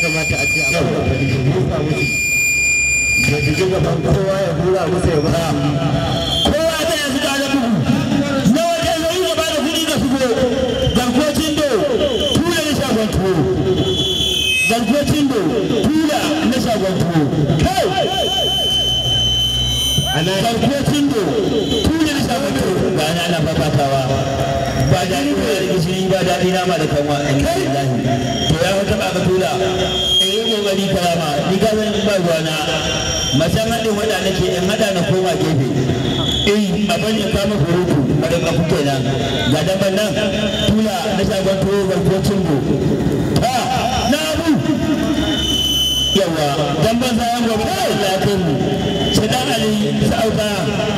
kamata a ce a bugu, da shi ya kowa ya hura ya ba kowa ta bugu na wata zai gaba da kuɗi da su go garkocin tula na shagon tuwo garkocin do tula na shagon tuwo kai garkocin do tula na shagon tuwo ba ana fafatawa ba daɗi ba da gishiri ba daɗi ma da kanwa to ya wata ba ka tura in yi kokari karama ni ka san ba ruwana masan haɗin waɗa nake in haɗa na koma gefe eh abin ya kama furutu a rinka fito nan ga ban nan tula na shagon ko cin go ha na abu yawa dan ban sa yan gobe Allah ya kai mu sai dan Ali auka.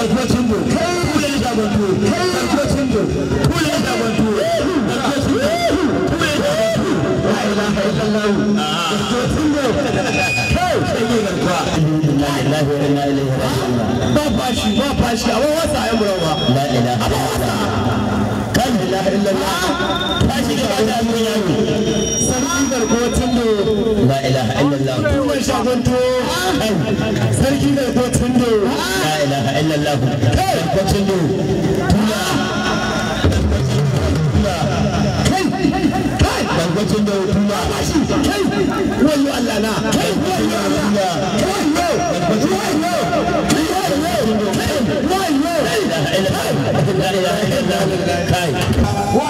garkocin ya ya ya la ilaha illallah kai sai inna lillahi wa inna ilaihi raji'un ba fashi ba fashi a wasa la ilaha illallah kan ilaha illallah fashi ba yayi sarki la ilaha illallah ya sarki illallah kai kwacin na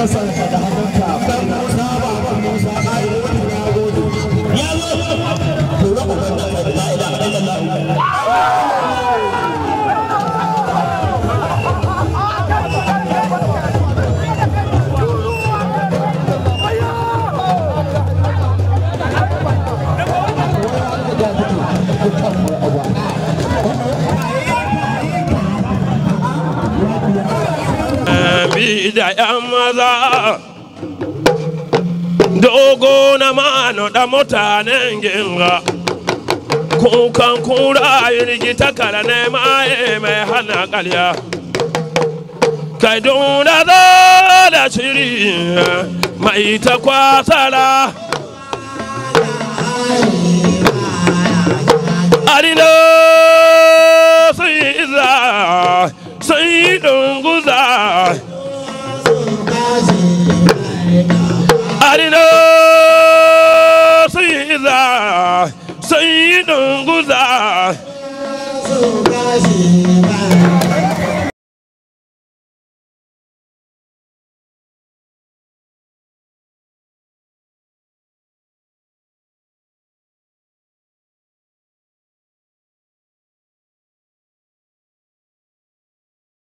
kasanka da hannunka ba kuma sa ba yi wani na gode da kai da yan maza dogo na mano da mutanen ginga kukan kura yirgi ta kara ne maye mai hana kalya kai duna za da shiri mai ta kwasara arina دارنا سيدا سيد غزا